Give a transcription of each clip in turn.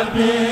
Amen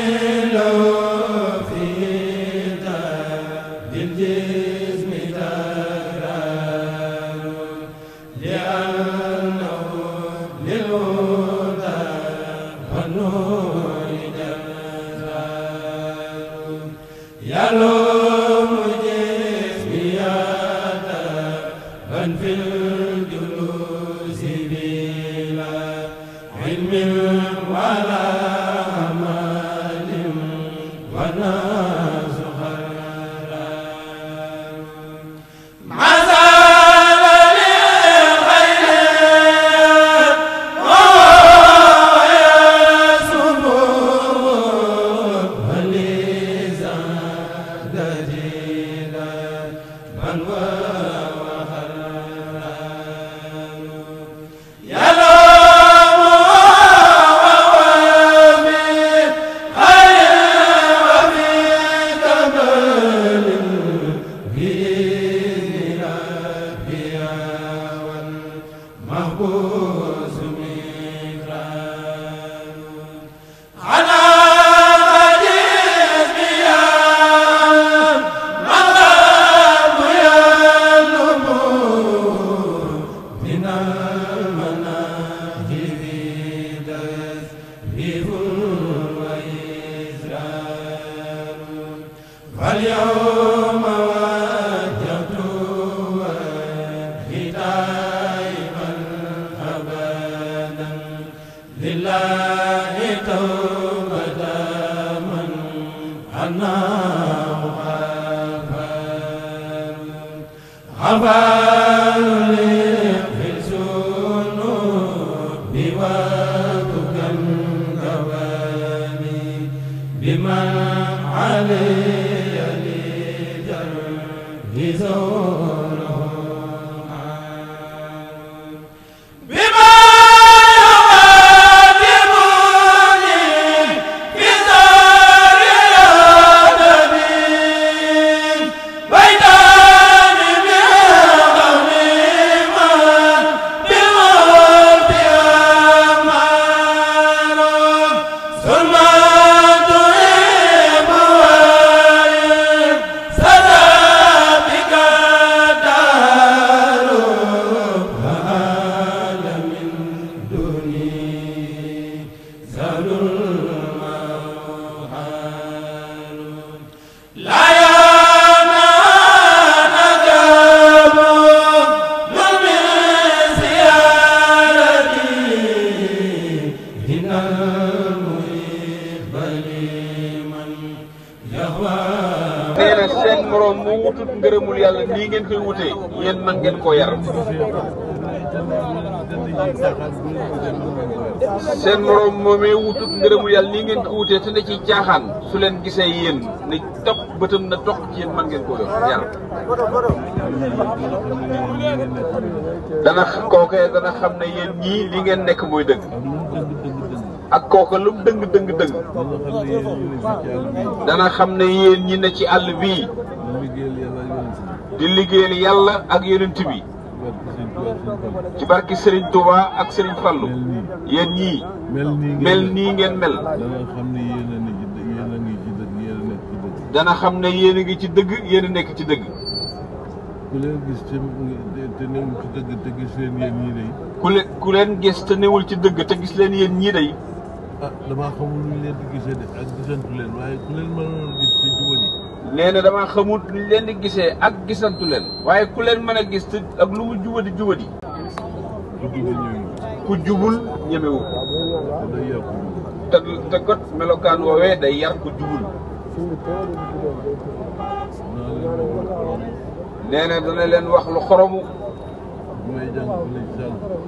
koo yar seen moroom moomee wutut ngërëmu yàlla li ngeen ko wutee te ne ci caaxaan su leen gisee yéen ne topp bëtam na toq ci yéen man ngeen koo yor yar dana kookee dana xam ne yéen ñii li ngeen nekk mooy dëgg ak kooka lu mu dëng dëng dëng dana xam ne yéen ñi ne ci àll bii di liggéeyal yàlla ak yonent bi ci barki Serigne Touba ak Serigne Fallou yéen ñii mel nii ngeen mel dana xam ne yéen a ngi ci dëgg yéen a nekk ci dëgg. ku leen gis te newul ci dëgg te gis leen yéen ñii day. ku leen ku leen gis te newul ci dëgg te gis leen yéen ñii ah, day. de ak gisantu leen nee na damaa xamut ñu leen di gisee ak gisantu leen waaye ku leen mën a gis te ak lu mu jubadi jubadi ku jubul ñemewu te melokaan woowee day yar ku jubul nee dana leen wax lu xoromu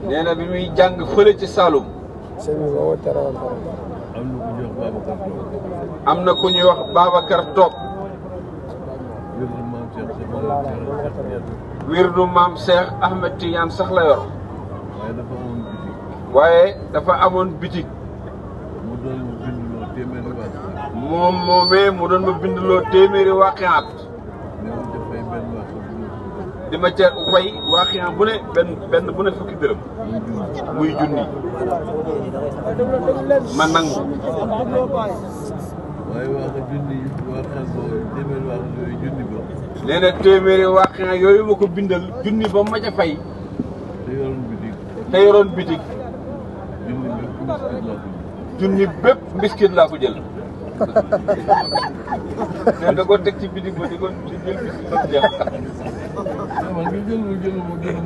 nee na bi muy jàng fële ci Saloum am na ku ñuy wax Babacar Toog wirdu maam Cheikh Ahmed Tidiane sax la yor. waaye dafa amoon bitik. waaye dafa amoon téeméeri waaqi. moom moomee mu doon ma bindloo téeméeri waaqiaat. di ma ca way waaqiaat bu ne benn benn bu ne fukki dërëm. muy junni. ma nangu. waaye wax junni waxaan boobu téeméeri wax junni ba. nee na téeméeri waxaan yooyu ma ko bindal junni ba ma ca fay. te yoroon bitig. te junni bépp mbiskit laa ko jël. man nga jël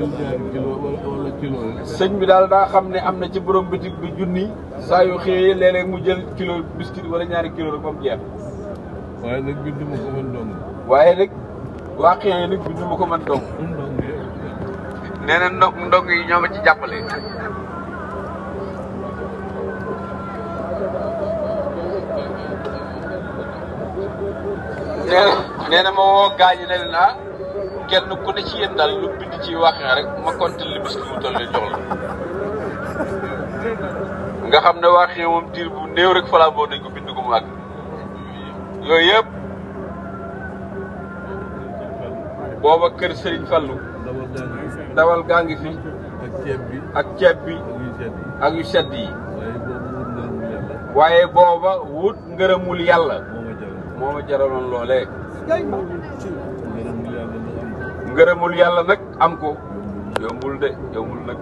ma sëñ bi daal daa xam ne am na ci borom bitik bi junni saa yu xëyee léeg mu jël kilo biscuit wala ñaari kilo rek moom jeex waaye nag bind ma ko man dong waaye nag waa xëyee nag bind ma ko man dong nee ndog ndog yi ñoo ma ci jàppale nee na nee na ma woo gaañ ne leen ah kenn ku ne ci yéen daal lu bind ci waxee rek ma compté li bis mu toll jox la. nga xam ne waxee moom diir bu néew rek Falaamboo nañ ko bind ko mu àgg yooyu yëpp booba kër Serigne Fallou dawal gaa ngi fi ak ceeb bi ak yu sedd yi waaye booba wut ngërëmul yàlla. moo ma jaraloon loolee. ngërëmul yàlla nag am ko yombul de yombul nag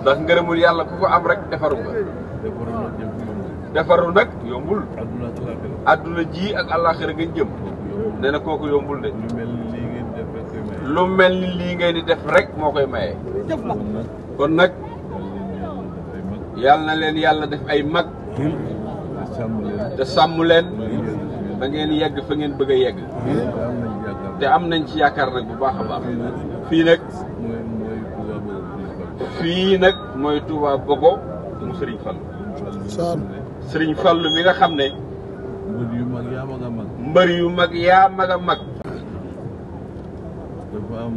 ndax ngërëmul yàlla ku ko am rek defaru nga defaru nag yombul adduna ji ak àllaaxira nga jëm nee na kooku yombul de lu mel ni lii ngeen di def rek moo koy maye kon nag yàlla na leen yàlla def ay mag te sàmm leen ngeen yegg fa ngeen bëgg a yegg te am nañ ci yaakaar nag bu baax a baax fii nag fii nag mooy Touba Bogo mu Serigne Fall Serigne Fall nga xam ne mbër yu mag yaa mag a mag mbër yu mag yaa mag a mag dafa am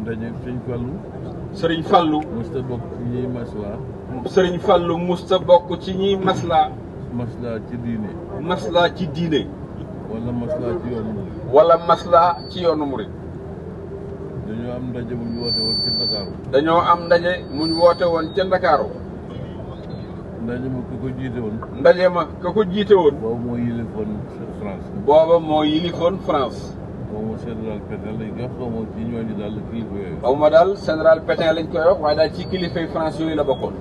ndaje Serigne musta bokk ci ñiy maslaa Serigne Fallou musta bokk ci ñiy maslaa maslaa ci diine. maslaa ci diine. wala maslaa ci yoonu murid. wala maslaa ci yoonu murid. dañoo am mu ñu dañoo am ndaje mu ñu woote woon ca Ndakaaru. ndaje ma ka ko jiite ndaje ma ka ko jiite woon. booba moo yilifoon France. booba moo yilifoon France. xaw ma général Pétain lañ koy wax daal kilifa yooyu. lañ koy wax waaye daal ci kilifay France yooyu la bokkoon.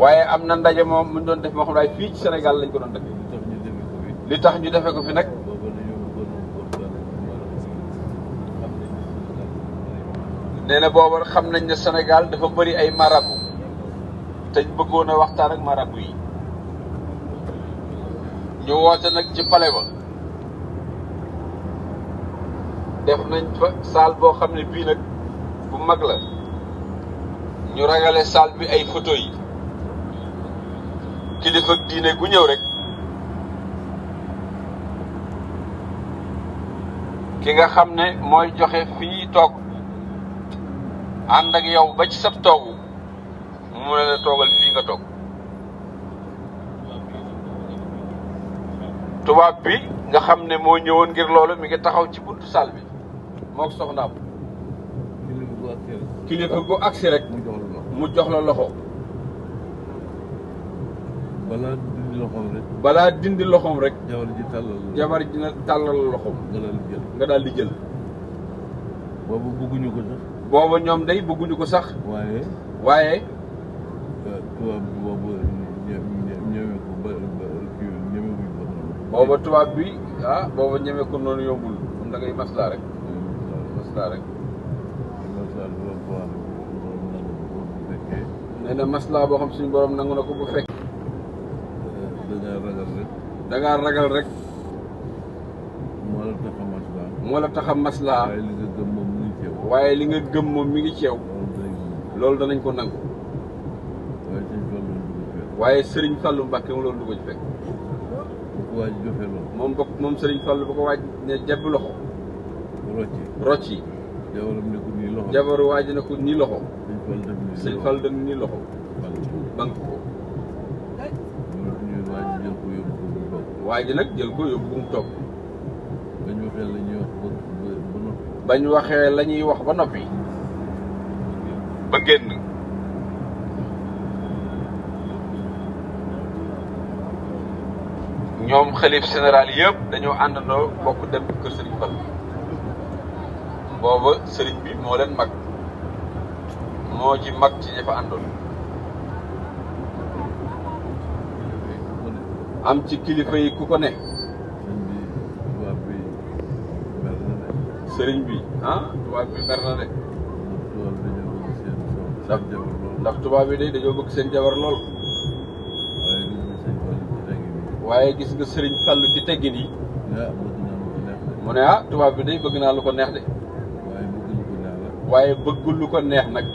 waaye am na ndaje moom mu doon def moo xam ne fii ci Sénégal lañ ko doon def li tax ñu defee ko fi nag nee na xam nañ ne senegal dafa bëri ay marabu te ñu a waxtaan ak marabu yi ñu woote nag ci palais ba def nañ fa salle boo xam ne bii nag bu mag la ñu ragale salle bi ay photo yi. kilifa diine gu ñëw rek ki nga xam ne mooy joxe fii toog ànd ak yow ba ci sab toogu mu ne la toogal fii nga toog tubaab bi nga xam ne moo ñëwoon ngir loolu mi ngi taxaw ci buntu saal bi moo soxnaam kilifa gu agsi rek mu jox la loxo balaa dindi loxoom rek. balaa dindi loxoom rek. ji tàllal loxoom. nga daal di jël boobu bëgguñu ko sax. booba ñoom day bëgguñu ko sax. waaye. waaye. tubaab bi boobu ñeme ko ba kii ñeme tubaab bi ah booba ñeme ko noonu yombul moom da ngay maslaa rek. maslaa rek. maslaa boo xam na maslaa boo xam suñu borom nangu na ko bu fekkee. dangaa ragal rek dangaa ragal rek moo la tax a maslaa moo la tax a maslaa waaye li nga gëm moom mi ngi ceew waaye li nga gëm moom mi ngi ceew loolu danañ ko nangu waaye Serigne Fallou Mbacke mu loolu du ko ci fekk waaj joxe loolu moom bokk moom Serigne Fallou ba ko waaj ne jàpp loxo rocci rocci jabaram ne ko nii loxo jabaru waaj na ko nii loxo Serigne Fallou def nii loxo banque ko waa ji nag jël ko yóbbu ko mu waxee la wax ba noppi. waxee la wax ba noppi. ba génn. ñoom xalif général yëpp dañoo àndandoo bokk dem kër sëriñ Fall booba sëriñ bi moo leen mag moo ci mag ci ñi fa àndoon. am ci kilifa yi ku ko ne. sëriñ bi ah tubaab bi ndax tubaab bi day dañoo bëgg seen jabar lool. waaye gis nga sëriñ Fallu ci teggin yi. mu ne ah tubaab bi day bëgg naa lu ko neex de. waaye bëgg lu ko neex nag.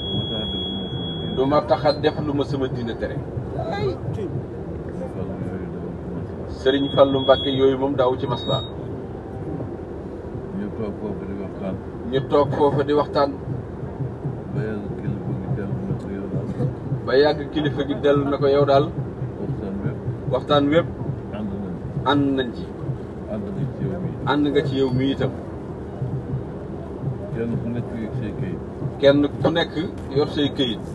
lu ma taxa def lu ma sama diine tere. Sëriñ Fallu Mbàkke yooyu moom daw ci maslaa ñu toog foofu di waxtaan ba yàgg kilifa gi dellu na ko yow daal waxtaan wépp ànd nañ ci ànd nga ci yow mi itam kenn ku nekk yor say këyit kenn ku nekk yor say këyit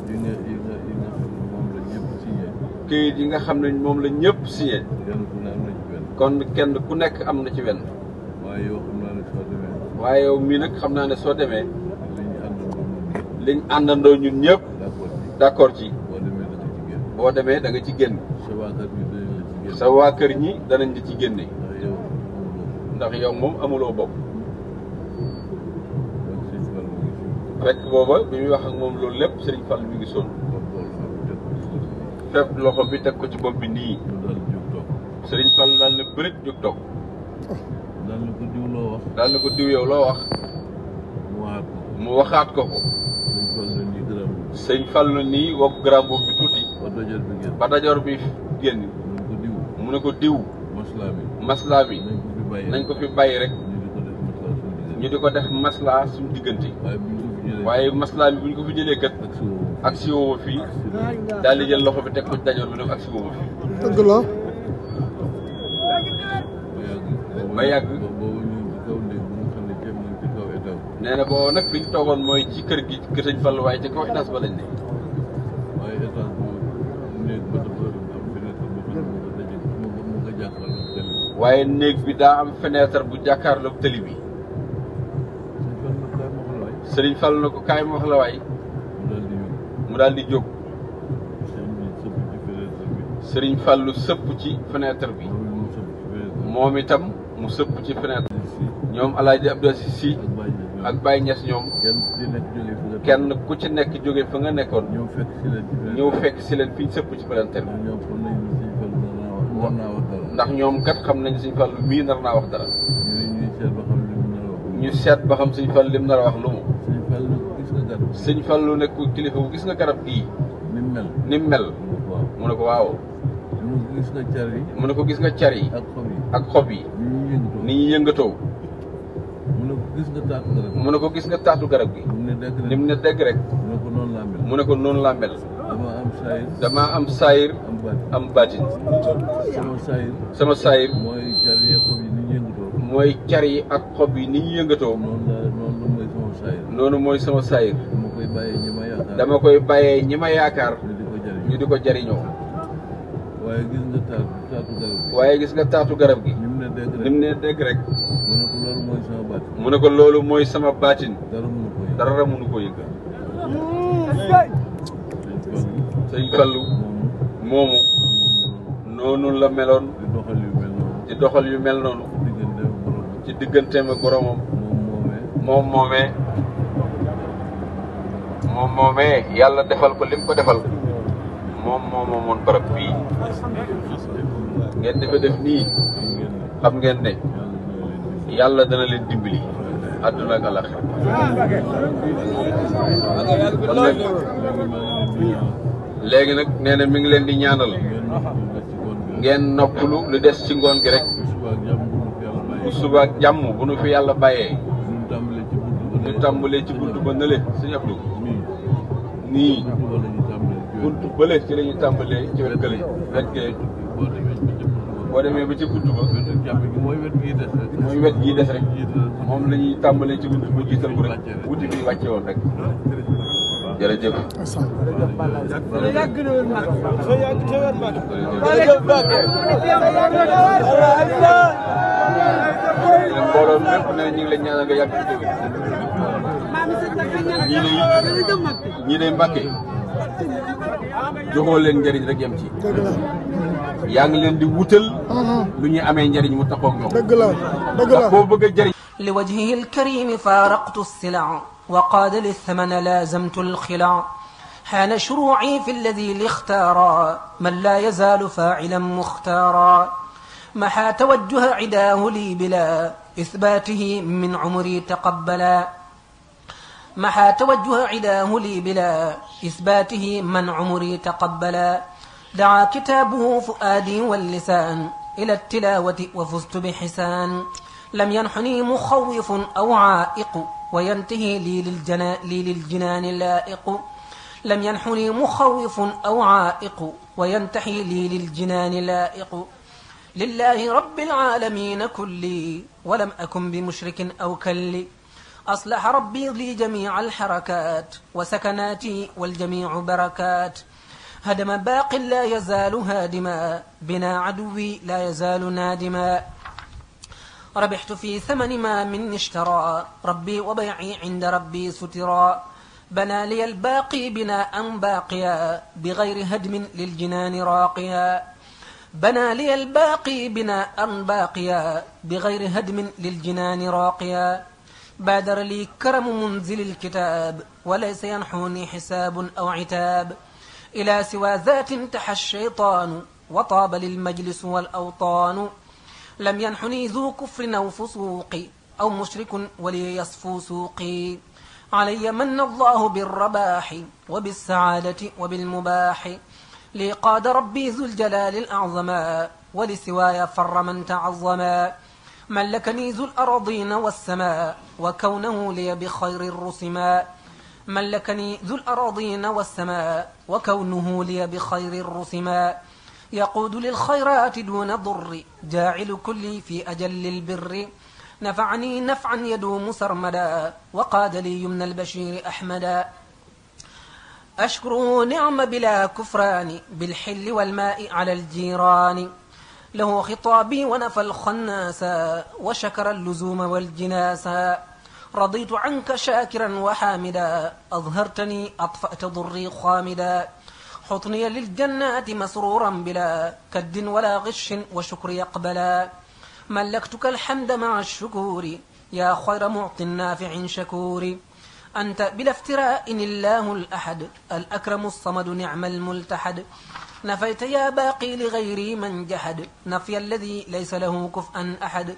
këyit yi nga xam ne moom la ñëpp signé kon kenn ku nekk am na ci wenn waaye yow xam naa ne soo demee. mii nag xam naa ne soo demee. liñ àndandoo ñun ñëpp. d'accord ci. boo demee da nga ci génn. sa waa kër ñi danañ di ci génne. ndax yow moom amuloo bopp. rek booba bi muy wax ak moom loolu lépp Serigne Fall mi ngi sonn. fekk loxo bi teg ko ci bopp bi nii. sëriñ Fall daal na bërit toog. Oh. ko diw waxaat ko mu waxaat ko ko. bi tuuti. ba bi mu ne ko diw. maslaa bi maslaa nañ ko fi bàyyi rek. ñu di ko def maslaa suñu diggante. waaye maslaa bi bu ñu ko fi jëlee kat. ak si fii daal di jël loxo bi teg ko dajoor bi nag ak si fii. dëgg la. ba yàgg. nee boobu nag fi ñu toogoon mooy ci kër gi kër sëñ Fall waaye ci kaw étage ba lañ ne. waaye néeg bi daa am fenêtre bu jàkkaarloog tëli bi. sëriñ Fall na ko kaay ma wax la waay. mu daal jóg. sëriñ Fallu sëpp ci fenêtre bi. moom itam. mu sëpp ci fenêtre ñoom alaaji Abdou Aziz Sy ak Baye Niass ñoom kenn ku ci nekk jóge fa nga nekkoon ñëw fekk si leen fii sëpp ci palanteer ndax ñoom kat xam nañ suñ fàll mii nar naa wax dara ñu seet ba xam suñ fàll lim nar wax lu mu suñ fàllu nekk kilifa bu gis nga garab gii ni mu mel mu ne ko waaw mu ne ko gis nga car yi ak xob yi ni ñuy yëngatoo. mu ne ko gis nga taatu garab gi. ni mu ne dégg rek. mu ne ko noonu laa dama am saayir. am baatin. sama saayir. mooy car yi ak xob yi ni ñu yëngatoo. noonu mooy sama saayir. dama koy bàyyee ñi ma yaakaar. ñu di ko jariñoo waaye gis nga taatu garab gi. waaye gis nga taatu garab gi. ni mu ne dégg rek ni mu mu ne ko loolu mooy sama baatin. mu ko loolu mooy sama dara mënu ko yëg dara mënu ko moomu noonu la meloon. di doxal yu mel noonu. ci digganteem ak boromam. moom moomee. moom moomee yàlla defal ko lim ko defal. moom moo moomoon barab bii ngeen di ko nii xam ngeen ne yàlla dana leen dimbali àdduna ak alaxira nag nee na mi ngi leen di ñaanal ngeen noppalu lu des ci ngoon gi rek bu suba ak jàmm bu nu fi yàlla bàyyee ñu tàmbalee ci bunt ba nële suñu Abdou nii buntu bële ci la ñuy tàmbalee ci wet gële wet gële boo demee ba ci buntu ba mooy wet gii des rek mooy wet gii des rek moom la ñuy tàmbalee ci buntu ba jiital ko rek wuti bi wàcce woon rek jërëjëf mbooloo mépp ne ñu ngi leen ñaanal nga yàgg ci dëgg ñii de ñii de Mbàkke joxoo leen njëriñ rek yem ci yaa ngi leen di wutal lu ñuy amee njëriñ mu taxoog ñoom dëgg la dëgg la koo bëgg a jëriñ li wajhihi alkarimi faaraqtu alsila wa qaada li thamana laazamtu alxila xaana shuruuci fi alladi lixtaara man laa yazaalu faacilan muxtaara maxaa tawajjuha cidaahu lii bila ithbaatihi min cumri taqabbala محا توجه عداه لي بلا إثباته من عمري تقبلا دعا كتابه فؤادي واللسان إلى التلاوة وفزت بحسان لم ينحني مخوف أو عائق وينتهي لي, للجنا لي للجنان لائق لم ينحني مخوف أو عائق وينتحي لي للجنان لائق لله رب العالمين كلي ولم أكن بمشرك أو كلي أصلح ربي لي جميع الحركات وسكناتي والجميع بركات هدم باق لا يزال هادما بنا عدوي لا يزال نادما ربحت في ثمن ما مني اشترى ربي وبيعي عند ربي سترا بنى لي الباقي بناء باقيا بغير هدم للجنان راقيا بنى لي الباقي بناء باقيا بغير هدم للجنان راقيا بادر لي كرم منزل الكتاب وليس ينحوني حساب أو عتاب إلى سوى ذات انتحى الشيطان وطاب للمجلس والأوطان لم ينحني ذو كفر أو فسوق أو مشرك ولي يصفو سوقي علي من الله بالرباح وبالسعادة وبالمباح لي قاد ربي ذو الجلال الأعظما ولسواي فر من تعظما من لكنيز الأراضين والسماء وكونه لي بخير الرسما من لكني ذو الأراضين والسماء وكونه لي بخير الرسما يقود للخيرات دون ضر جاعل كلي في أجل البر نفعني نفعا يدوم سرمدا وقاد لي يمنى البشير أحمدا أشكره نعم بلا كفران بالحل والماء على الجيران له خطابي ونفى الخناسا وشكر اللزوم والجناسا رضيت عنك شاكرا وحامدا أظهرتني أطفأت ضري خامدا حطني للجنات مسرورا بلا كد ولا غش وشكر يقبلا ملكتك الحمد مع الشكور يا خير معط نافع شكور أنت بلا افتراء الله الأحد الأكرم الصمد نعم الملتحد نفيت يا باقي لغيري من جحد نفي الذي ليس له كفءا أحد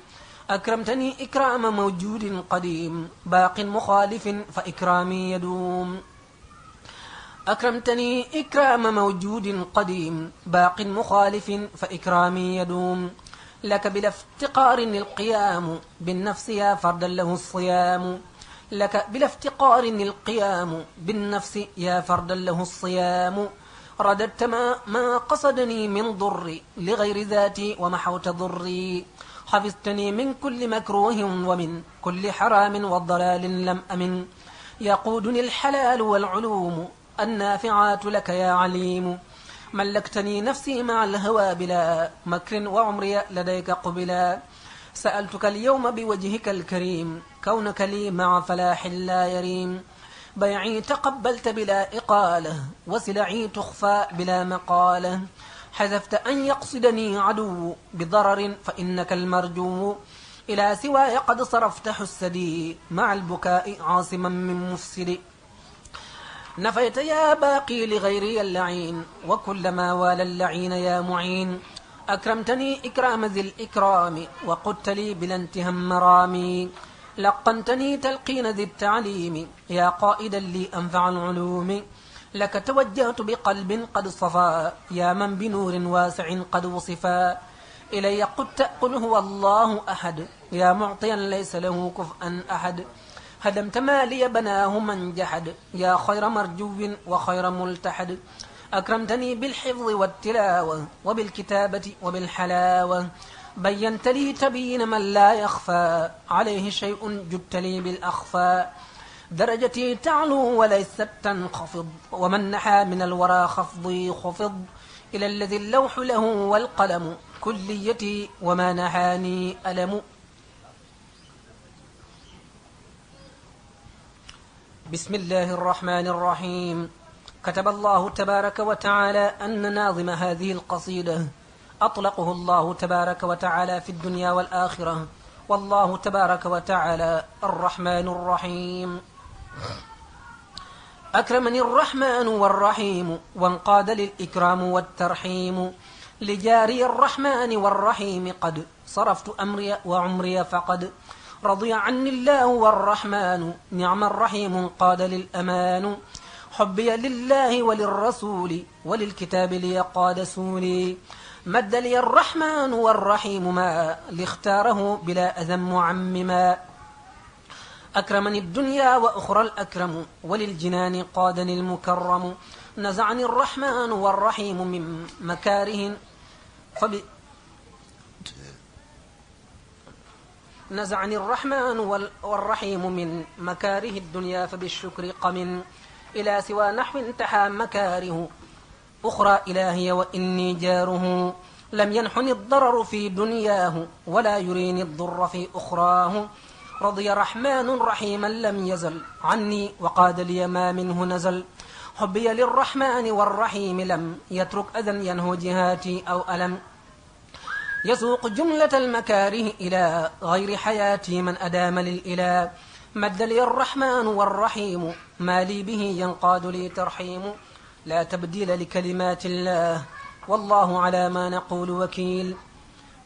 أكرمتني إكرام موجود قديم باق مخالف فإكرامي يدوم أكرمتني إكرام موجود قديم باق مخالف فإكرامي يدوم لك بلا افتقار القيام بالنفس يا فردا له الصيام لك بلا افتقار القيام بالنفس يا فردا له الصيام رددت ما, ما قصدني من ضري لغير ذاتي ومحوت ضري حفظتني من كل مكروه ومن كل حرام وضلال لم أمن يقودني الحلال والعلوم النافعات لك يا عليم ملكتني نفسي مع الهوى بلا مكر وعمري لديك قبلا سألتك اليوم بوجهك الكريم كونك لي مع فلاح لا يريم بيعي تقبلت بلا إقالة وسلعي تخفى بلا مقالة حذفت أن يقصدني عدو بضرر فإنك المرجو إلى سواي قد صرفت حسدي مع البكاء عاصما من مفسدي نفيت يا باقي لغيري اللعين وكلما والى اللعين يا معين أكرمتني إكرام ذي الإكرام وقدت لي بلا انتهام مرامي لقنتني تلقين ذي التعليم يا قائدا لي أنفع العلوم لك توجهت بقلب قد صفى يا من بنور واسع قد وصفا إلي قد تأقل هو الله أحد يا معطيا ليس له كفءا أحد هدمت ما لي بناه من جحد يا خير مرجو وخير ملتحد أكرمتني بالحفظ والتلاوة وبالكتابة وبالحلاوة بينت لي تبين من لا يخفى عليه شيء جدت لي بالأخفاء درجتي تعلو وليست تنخفض ومن نحى من الورى خفضي خفض إلى الذي اللوح له والقلم كليتي وما نحاني ألم بسم الله الرحمن الرحيم كتب الله تبارك وتعالى أن ناظم هذه القصيدة أطلقه الله تبارك وتعالى في الدنيا والآخرة والله تبارك وتعالى الرحمن الرحيم أكرمني الرحمن والرحيم وانقاد للإكرام والترحيم لجاري الرحمن والرحيم قد صرفت أمري وعمري فقد رضي عني الله والرحمن نعم الرحيم قاد للأمان حبي لله وللرسول وللكتاب ليقاد سولي مد لي الرحمن والرحيم ما لاختاره بلا أذى معمما أكرمني الدنيا وأخرى الأكرم وللجنان قادني المكرم نزعني الرحمن والرحيم من مكاره فب نزعني الرحمن والرحيم من مكاره الدنيا فبالشكر قم إلى سوى نحو انتحى مكاره أخرى إلهي وإني جاره لم ينحني الضرر في دنياه ولا يريني الضر في أخراه رضي رحمن رحيما لم يزل عني وقاد لي ما منه نزل حبي للرحمن والرحيم لم يترك أذى ينهو جهاتي أو ألم يسوق جملة المكاره إلى غير حياتي من أدام للإله مد لي الرحمن والرحيم ما لي به ينقاد لي ترحيم لا تبديل لكلمات الله والله على ما نقول وكيل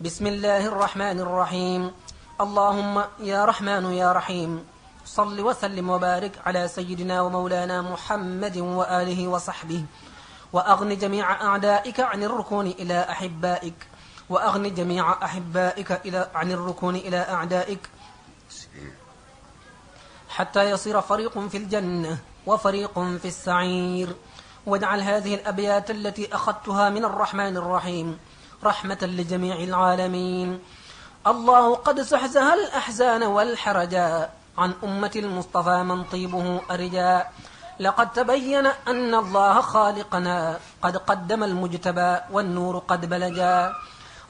بسم الله الرحمن الرحيم اللهم يا رحمن يا رحيم صل وسلم وبارك على سيدنا ومولانا محمد وآله وصحبه وأغن جميع أعدائك عن الركون إلى أحبائك وأغن جميع أحبائك إلى عن الركون إلى أعدائك حتى يصير فريق في الجنة وفريق في السعير واجعل هذه الأبيات التي أخذتها من الرحمن الرحيم رحمة لجميع العالمين الله قد سحزها الأحزان والحرجا عن أمة المصطفى من طيبه أرجا لقد تبين أن الله خالقنا قد قدم المجتبى والنور قد بلجا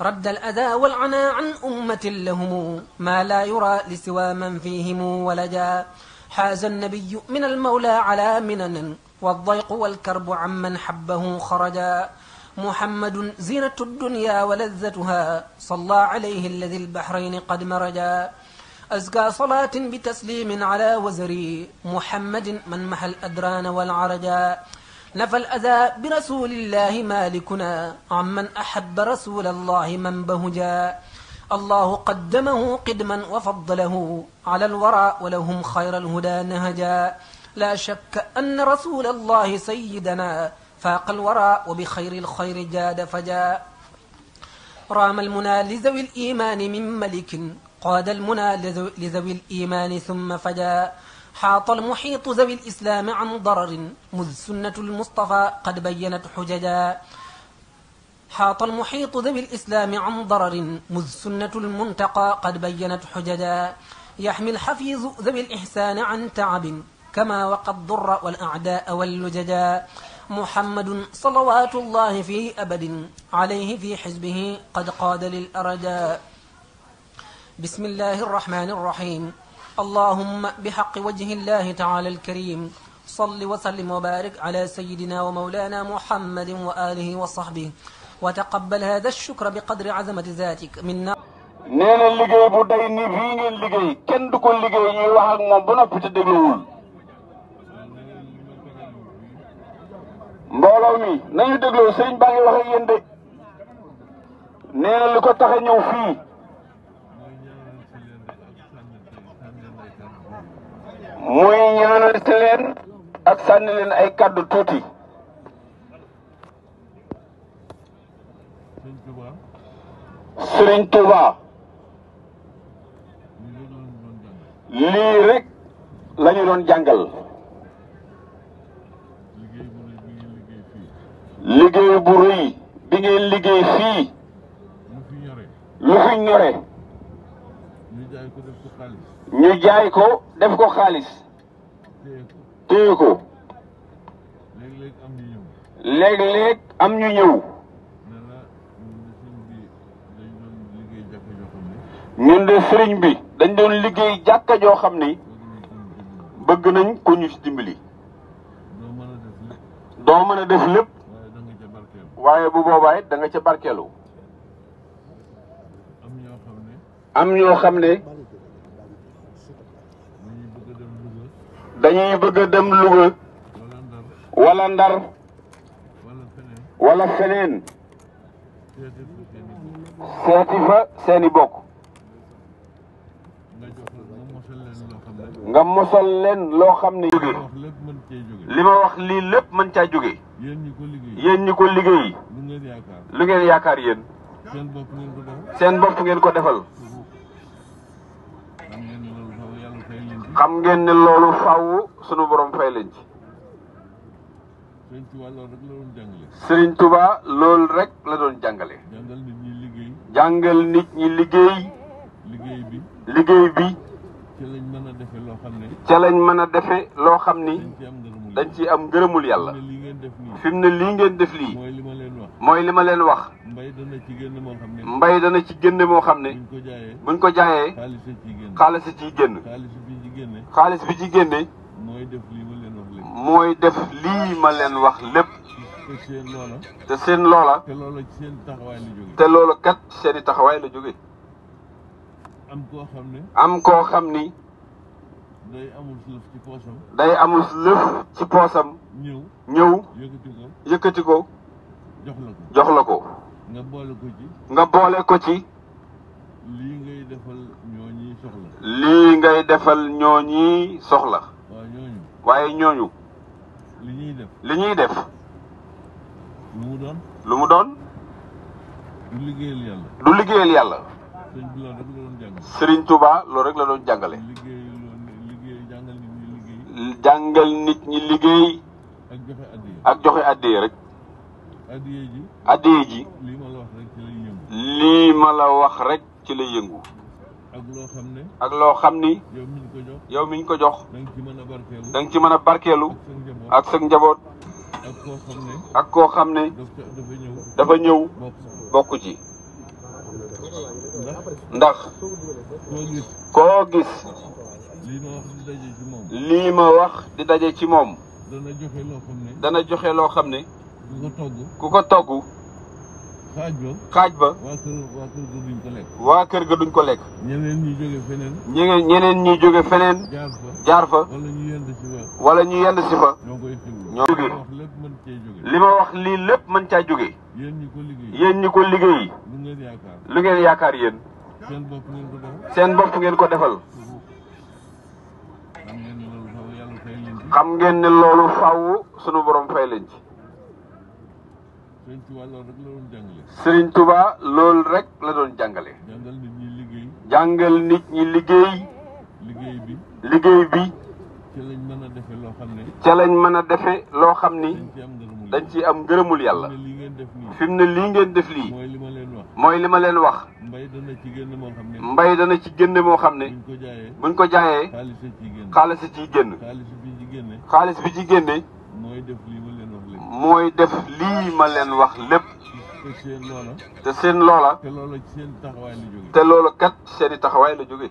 رد الأذى والعنا عن أمة لهم ما لا يرى لسوى من فيهم ولجا حاز النبي من المولى على منن والضيق والكرب عمن حبه خرجا محمد زينة الدنيا ولذتها صلى عليه الذي البحرين قد مرجا أزكى صلاة بتسليم على وزري محمد من محى الأدران والعرجا نفى الأذى برسول الله مالكنا عمن أحب رسول الله من بهجا الله قدمه قدما وفضله على الورى ولهم خير الهدى نهجا لا شك أن رسول الله سيدنا فاق الورى وبخير الخير جاد فجاء رام المنى لذوي الإيمان من ملك قاد المنى لذوي الإيمان ثم فجاء حاط المحيط ذوي الإسلام عن ضرر مذ سنة المصطفى قد بينت حججا حاط المحيط ذوي الإسلام عن ضرر مذ سنة المنتقى قد بينت حججا يحمي الحفيظ ذوي الإحسان عن تعب كما وقى الضر والأعداء واللججا محمد صلوات الله في أبد عليه في حزبه قد قاد للأرجاء بسم الله الرحمن الرحيم اللهم بحق وجه الله تعالى الكريم صل وسلم وبارك على سيدنا ومولانا محمد وآله وصحبه وتقبل هذا الشكر بقدر عزمة ذاتك منا نينا اللي جايبو داي ني في نين لي جاي كين دوكو لي جاي ني واخ ak mom bu nopi te degluwul mbooloo mi nañu dégloo sëriñ baa ngi wax ak yéen de nee li ko tax a ñëw fii muy ñaanal leen ak sànni leen ay kàddu tuuti sëriñ Tuuba lii rek lañu doon jàngal liggéey bu rëy bi ngeen liggéey fii lu fi ñore ñu jaay ko def ko xaalis ñu xaalis téye ko léeg-léeg am ñu ñëw ñu ñëw ñun de sëriñ bi dañ doon liggéey jàkka joo xam ni bëgg nañ ko ñu ci doo mën a def lépp waaye bu boobaa it ca barkeelu. am ñoo xam ne. dañuy bëgg a dem Louga. wala Ndar. wala feneen. seeti fa seeni bokk. nga mosal leen loo xam ne jóge li ma wax lii lépp mën caa jóge yéen ñi ko liggéey lu ngeen yaakaar yéen seen bopp ngeen ko defal xam ngeen ne loolu faw sunu borom fay leen ci Sëriñ Tuba loolu rek la doon jàngale jàngal nit ñi liggéey liggéey bi ca lañ mën a defee loo xam ne. ca lañ mën defee loo xam ni. dañ ci am ngërëmul yàlla. fi mu ne lii ngeen def lii. mooy li ma leen wax. mooy li leen wax. mbay dana ci génn moo xam ne. mbay dana ci génn moo xam ne. buñ ko jaayee. buñ ko jaayee. xaalis a ci génn. xaalis bi ci génne. xaalis bi ci génne. mooy def lii ma leen wax lépp. mooy def lii ma leen wax lépp. te seen loola. te seen loola. te loola ci seen taxawaay la jógee. te loola kat seen i taxawaay la jógee. am koo xam ne. am koo xam ni. day amul lëf ci poosam. day amul lëf ci poosam. ñëw ñëw. yëkkati ko yëkkati ko. jox la ko jox la ko. nga boole ko ci. nga boole ko ci. lii ngay defal ñooñi soxla. lii ngay defal soxla. waaye ñooñu. waaye ñooñu. li ñuy def. li ñuy def. lu mu doon. lu mu doon. du liggéeyal yàlla. du liggéeyal yàlla. Serigne Touba loolu rek la doon jàngale. jàngal nit ñi liggéey. ak joxe addiye rek. addiye ji. lii ma la wax rek ci lay yëngu. ak loo xam ni. yow mi ñu ko jox yow da nga ci mën a barkeelu ci mën a barkeelu. ak sa njaboot. ak koo xam ne. ak koo xam dafa ñëw bokk ci. ndax koo gis lii ma wax di daje ci moom dana joxe loo xam ne ku ko togg xaaj ba xaaj ba. waa kër ga duñ ko lekk. waa kër ga duñ ko lekk. ñeneen ñuy jóge feneen. ñeneen ñeneen jóge feneen. jaar fa jaar wala ñu yend si fa. wala ñu yend si ñoo jóge. li ma wax lii lépp mën caa jóge. yéen ñi ko liggéey yéen ñi ko liggéey. lu yaakaar lu ngeen seen bopp ngeen ko defal ngeen xam ngeen ne loolu faaw sunu borom fay leen ci. Serigne Touba loolu rek la doon jàngale. Serigne Touba loolu rek la doon jàngale. jàngal nit ñi liggéey. jàngal nit ñi liggéey. liggéey bi. liggéey bi. ca lañ mën a defee loo xam ne. ca lañ mën a defee loo xam ni. dañ ci am ngërëmul yàlla. fi mu ne lii ngeen def lii. mooy li ma leen wax. mooy li ma leen wax. mbay dana ci génn moo xam ne. mbay dana ci génn moo xam ne. buñ ko jaayee. buñ ko jaayee. xaalis ciy génn. xaalis génn. xaalis bi ci génn xaalis bi ci génne. mooy mooy def lii ma leen wax lépp. te seen loola. te seen loola. te loola ci seen taxawaay la te loola kat seeni taxawaay la jóge.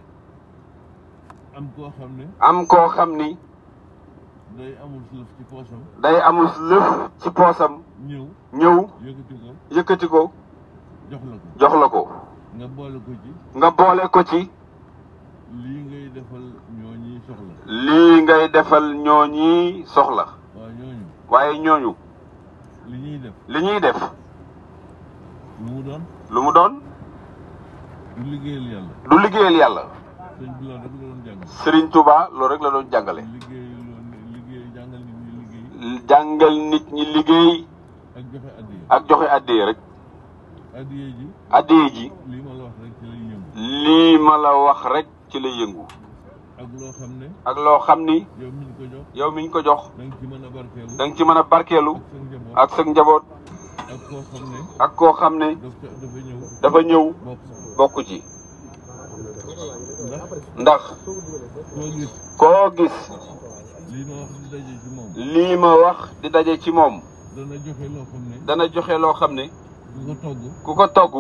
am koo xam ne. am koo xam ni. day amul lëf ci poosam. day amul lëf ci poosam. ñëw ñëw. yëkkati ko yëkkati ko. jox la ko jox la ko. nga boole ko ci. nga boole ko ci. lii ngay defal ñooñi soxla. lii ngay defal ñoo ñooñi soxla. waaye waaye ñooñu. li ñuy def li ñuy def. lu mu doon. lu mu doon. du liggéeyal yàlla. du liggéeyal yàlla. sëriñ bi loolu rek la doon jàngale. sëriñ liggéey jàngal nit ñi liggéey. nit ñi liggéey. ak joxe addiya ak joxe addiya rek. addiya ji. addiya ji. lii ma la wax rek ci lay yëngu. lii ma la wax rek ci lay yëngu. ak loo xam ne. ak loo xam ni. yow mi ñu ko jox yow ci mën a barkeelu. da nga mën a barkeelu. ak sa njaboot. ak koo xam ne. ak koo xam ne. dafa ñëw. dafa ñëw ndax. koo gis. lii ma wax di daje ci moom. lii ma dana joxe loo xam ne. dana ku ko togg.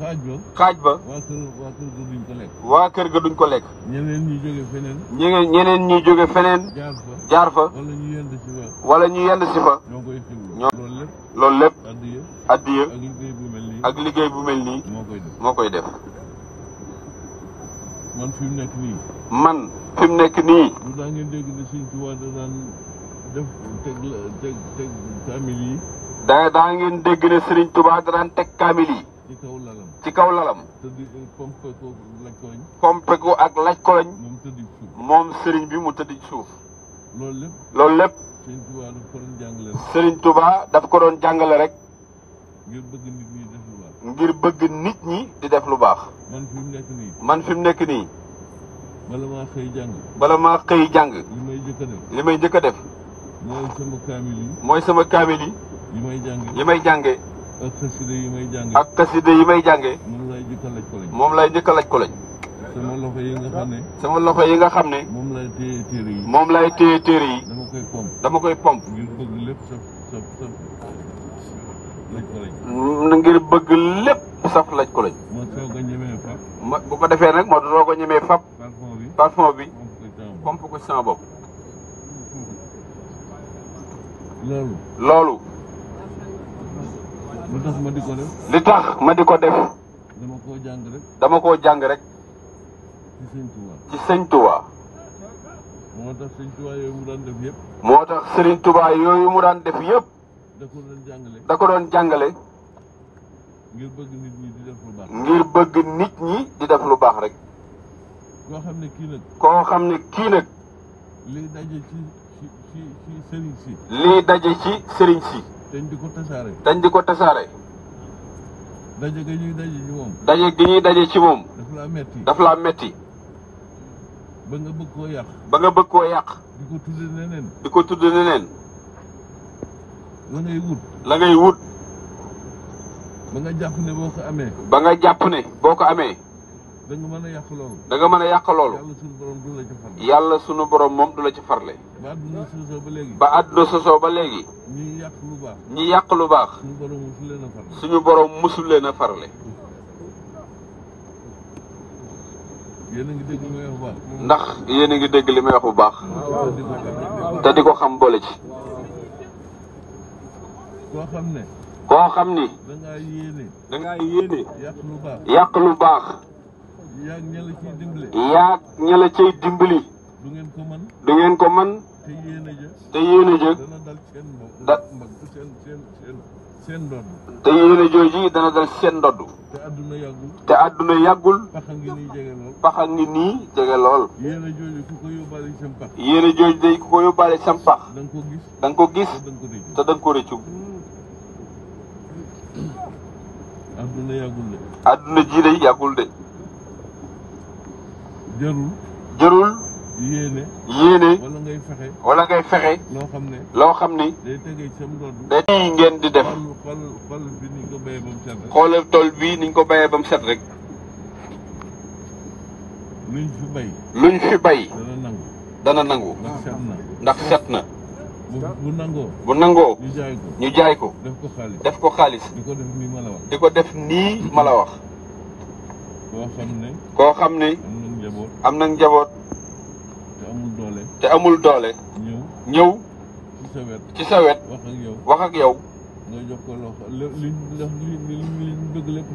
xaaj ba xaaj ba. waa kër ga duñ ko lekk. waa kër ga duñ ko ñeneen ñuy jóge feneen. ñeneen jaar fa jaar fa. wala ñu yend si fa. ñoo koy tibb. ñoo loolu lépp. loolu lépp. addiya addiya. ak liggéey bu mel nii. ak liggéey bu mel nii. moo koy def moo koy def. man fi mu nekk nii. man fi mu nekk nii. daa ngeen dégg ne Sëñ Tuubaa daa ngeen dégg Sëriñ Tuubaa da daan teg kaamil yi. ci kaw lalam. ci kaw lalam. tëdd eh, pompe ak laj koloñ. moom sëriñ bi mu tëdd suuf. loolu lépp. loolu lépp. sëriñ Touba daf ko doon jàngale rek. sëriñ Touba daf ko doon jàngale rek. ngir bëgg nit ñi bëgg nit ñi di def lu baax. man fi mu nekk nii. man fi mu nekk nii. bala maa xëy jàng. bala maa xëy jàng. li may njëkk a def. may njëkk a def. mooy sama kaamil yi. mooy sama kaamil yi. li may jàngee. li may jàngee. ak xasida yi may jàngee. ak xasida yi may jàngee. moom lay njëkk a laaj moom lay njëkk ko lañ. sama loxo yi nga xam ne. sama loxo yi nga xam ne. moom lay téye téere yi. moom lay téye téere yi. dama koy pomp dama koy pomp. ngir bëgg lépp saf saf saf ngir bëgg lépp saf laaj ko lañ. bu ko defee nag ma soog a ñemee bi pomp ko sama bopp. loolu. loolu. li tax ma di ko def. li tax ma di ko def. dama koo jàng rek. dama koo jàng rek. ci sëñ Touba. ci sëñ Touba. moo tax sëñ Touba yooyu mu daan def yëpp. moo tax sëriñ Touba yooyu mu daan def yëpp. da ko doon jàngale. da ko doon jàngale. ngir bëgg nit ñi di def lu baax. ngir bëgg nit di def lu baax rek. koo xam ne kii nag. koo xam ne kii nag. lii daje ci ci ci ci si. lii daje ci Serigne si. dañ di ko tasaare. di ko tasaare. daje gi ñuy daje ci moom. daje gi daf laa metti daf laa metti ba nga bëgg koo yàq. ba nga bëgg koo yàq. di ko neneen. di ko tudd neneen. la ngay wut. la ngay wut. ba nga jàpp ne boo ko amee. ba nga jàpp ne boo ko amee. da mën a yàq loolu. da mën a yàq loolu. yàlla sunu borom yàlla sunu borom moom du la ci farle. ba àdduna sosoo ba léegi. ba ba léegi. ñi yàq lu baax. ñi yàq lu baax. suñu borom musul farle. suñu borom musul leen a farle. yéen a ngi ndax yéen a ngi dégg li may wax bu baax. te di ko xam boole ci. koo xam koo xam ni. da ngaa yéene. yàq lu baax. yaag ña la ciy dimbali. yaag ña ciy dimbali. du ngeen ko mën. du ngeen ko mën. te yéen a jë. te yéen a jë. dana dal seen da seen seen seen seen ndodd. te yéen a jooji dana dal seen ndodd. te àdduna yàggul. te àdduna yàggul. paxa ngi nii jege lool. paxa ngi nii jege lool. yéen a jooji ku ko yóbbaale sam pax. yéen a jooji ko yóbbaale sam gis. da ko gis te da nga ko rëccu. àdduna yàggul de. àdduna yàggul de. jërul jarul. yéene. yéene. wala ngay fexe. wala ngay fexe. loo xam ne. loo xam ni. day tegee sam ndodd. day ngeen di def. xool xool bi mu set rek. tool bii ni ko bayee ba mu set rek. luñ fi bay. luñ fi dana nangu. dana ndax set na. ndax bu nangoo. bu nangoo. ñu jaay ko ñu jaay ko. def ko xaalis def ko xaalis. di ko def nii ma la wax. di ko def nii ma wax. koo xam ne. njaboot am nag njaboot. te amul doole. te amul doole. ñëw ci sa wet ci sa wet. wax ak yow wax ak yow.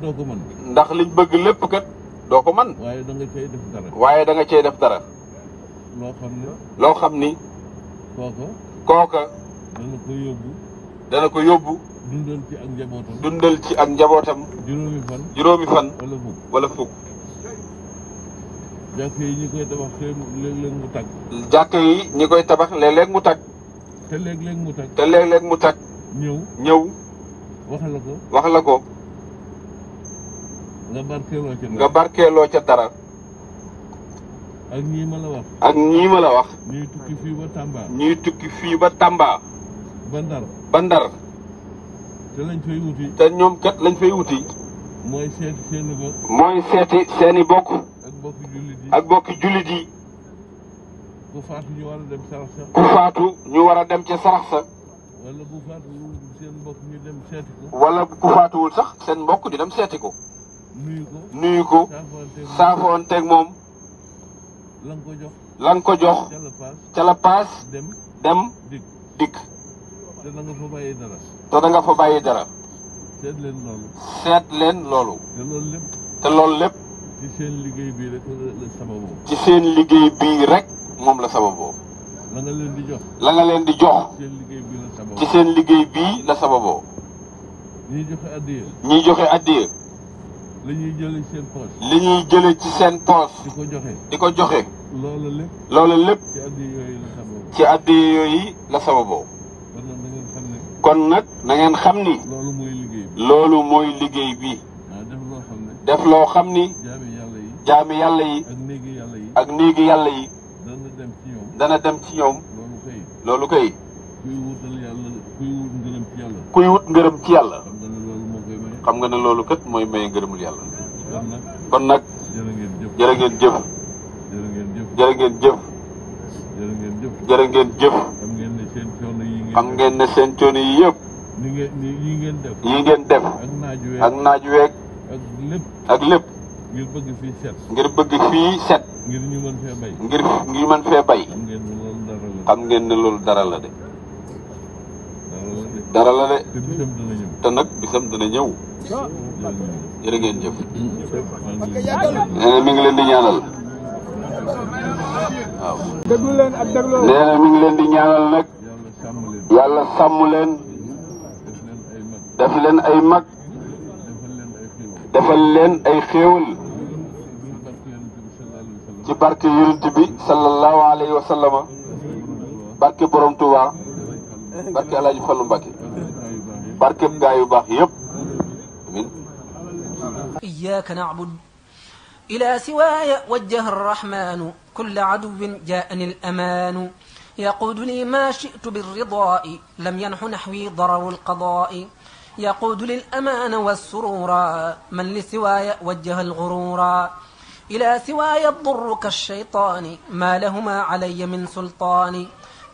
nga ndax liñ bëgg lépp kat doo ko mën. waaye da nga def dara. waaye da nga cay def dara. loo xam ni. loo xam ni. kooka. dana ko yóbbu. dana ko yóbbu. dundal ci ak njabootam. dundal ci ak njabootam. juróomi fan. juróomi fan. wala fukk fukk. jàkka yi ñi koy tabax léeg mu tag jàkk yi ñi koy tabax léeg mu tag te léeg-léeg mu tag te léeg-léeg mu tag ñëw ñëw wax la ko wax la ko nga barkeeloo ca nga ca dara ak ñii ma la wax ak ñii ma la wax ñuy tukki fii ba Tamba tukki fii ba Tamba ba Ndar ba te lañ fay wuti te ñoom kat lañ fay wuti mooy seeti seeni bokk mooy seeti seeni bokk ak bokki jullit yi ku faatu ñu war a dem sarax sa. ku faatu ñu war a dem ca sarax sa. wala ku faatuwul dem seeti ko. wala sax seen mbokk di dem seeti ko. nuyu ko nuyu moom. la nga ko jox la nga dem dem dikk. te da nga fa bàyyi dara. te da dara. leen loolu. seet leen loolu. te loolu lépp. te loolu lépp. ci seen liggéey bii rek la ci seen liggéey bii rek moom la sababoo. la nga leen di jox. la leen di jox. ci seen liggéey bii la sababoo. ci seen liggéey bii la sababoo. ñiy joxe addiya. ñiy joxe addiya. li ñuy jëlee ci seen poche. li ñuy jëlee ci seen poche. di ko joxe. di ko joxe. loola lépp. loola ci addiya yi la sababoo. yooyu la kon nag na xam ni. loolu mooy liggéey loolu mooy liggéey bi. Ah, def loo xam ni. jaami yàlla yi ak néegi yàlla yi dana dem ci ñoom loolu kay kuy wut ngërëm ci yàlla xam nga ne loolu kat mooy maye ngërëmul yàlla kon nag jërë ngeen jëf jërë ngeen jëf jërë ngeen jëf xam ngeen ne seen coono yi yëpp yi ngeen def ak naaj weeg ak lépp ngir bëgg fii set. ngir bëgg fii set. ngir ñu mën fee bay. ngir ñu mën xam ngeen ne loolu dara la. la de. dara la de. te bisam dana ñëw. te ñëw. jërë ngeen mi ngi leen di ñaanal. waaw. déglu leen mi ngi leen di ñaanal nag. yàlla sàmm leen. def leen ay mag. defal leen ay xéewal. barke yonent bi sallallahu alayhi wa sallama barke borom Touba barke El Hadj Fallou Mbacke barke gaa yu baax yëpp amin iyyaka na'budu ila siwaya wajjaha arrahmanu kulla aduwin jaani al-amanu yaqudu li ma shi'tu bir-ridai lam yanhu nahwi dararu al-qadai yaqudu lil-amana was-surura man li siwaya wajjaha al-ghurura إلى سواي الضر كالشيطان ما لهما علي من سلطان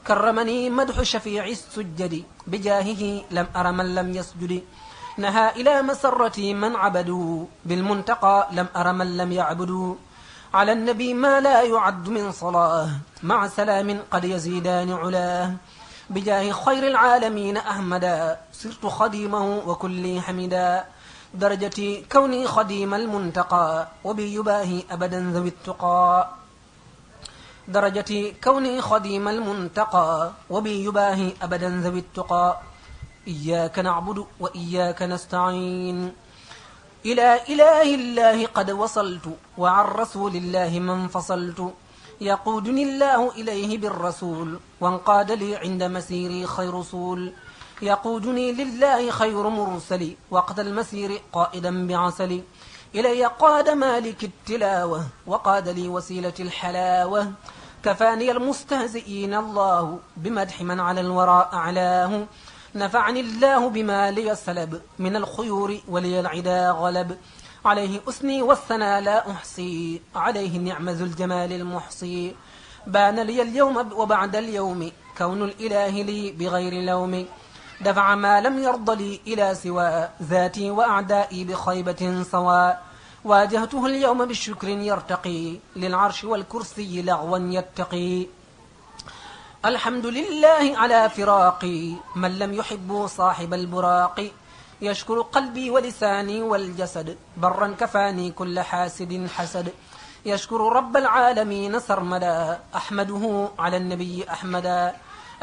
كرمني مدح شفيع السجد بجاهه لم أر من لم يسجد نهى إلى مسرتي من عبدوا بالمنتقى لم أر من لم يعبدوا على النبي ما لا يعد من صلاة مع سلام قد يزيدان علاه بجاه خير العالمين أحمدا صرت خديمه وكلي حمدا درجتي كوني خديم المنتقى وبي يباهي أبدا ذوي التقى درجتي كوني خديم المنتقى وبي يباهي أبدا ذوي التقى إياك نعبد وإياك نستعين إلى إله الله قد وصلت وعن رسول الله من فصلت يقودني الله إليه بالرسول وانقاد لي عند مسيري خير رسول يقودني لله خير مرسلي وقت المسير قائدا بعسلي إلي قاد مالك التلاوة وقاد لي وسيلة الحلاوة كفاني المستهزئين الله بمدح من على الوراء أعلاه نفعني الله بما لي سلب من الخيور ولي العدا غلب عليه أسني والثنى لا أحصي عليه نعم ذو الجمال المحصي بان لي اليوم وبعد اليوم كون الإله لي بغير لوم دفع ما لم يرض لي إلى سوى ذاتي وأعدائي بخيبة سواء واجهته اليوم بشكر يرتقي للعرش والكرسي لغوا يتقي الحمد لله على فراقي من لم يحب صاحب البراق يشكر قلبي ولساني والجسد برا كفاني كل حاسد حسد يشكر رب العالمين سرمدا أحمده على النبي أحمدا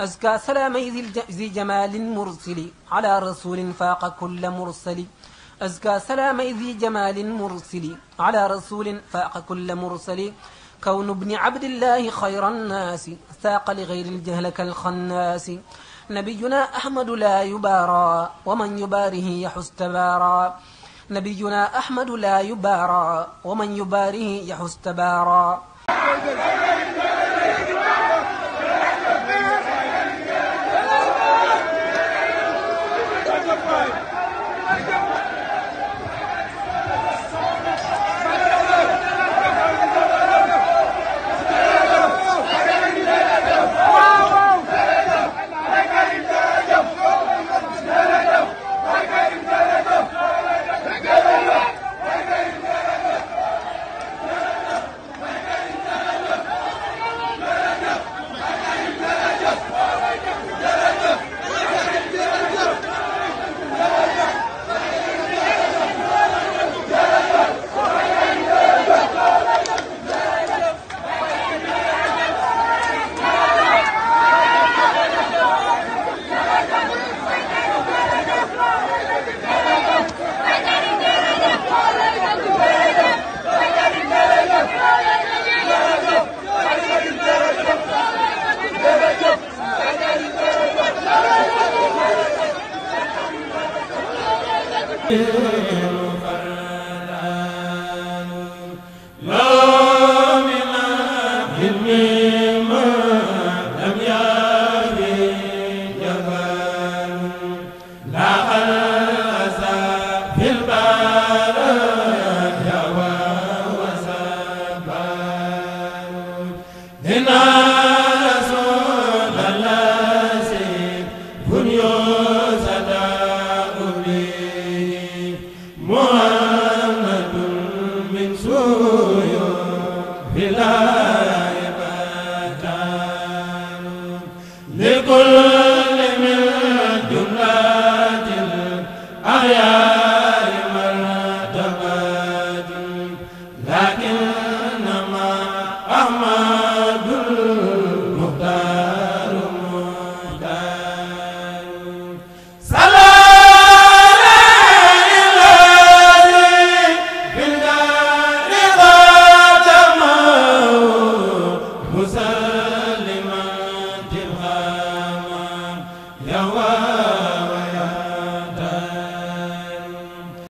أزكى سلامي ذي جمال مرسل على رسول فاق كل مرسل أزكى سلامي ذي جمال مرسل على رسول فاق كل مرسل كون ابن عبد الله خير الناس ساق لغير الجهل كالخناس نبينا أحمد لا يبارى ومن يباره يحس تبارى نبينا أحمد لا يبارى ومن يباره يحس تبارى Yeah.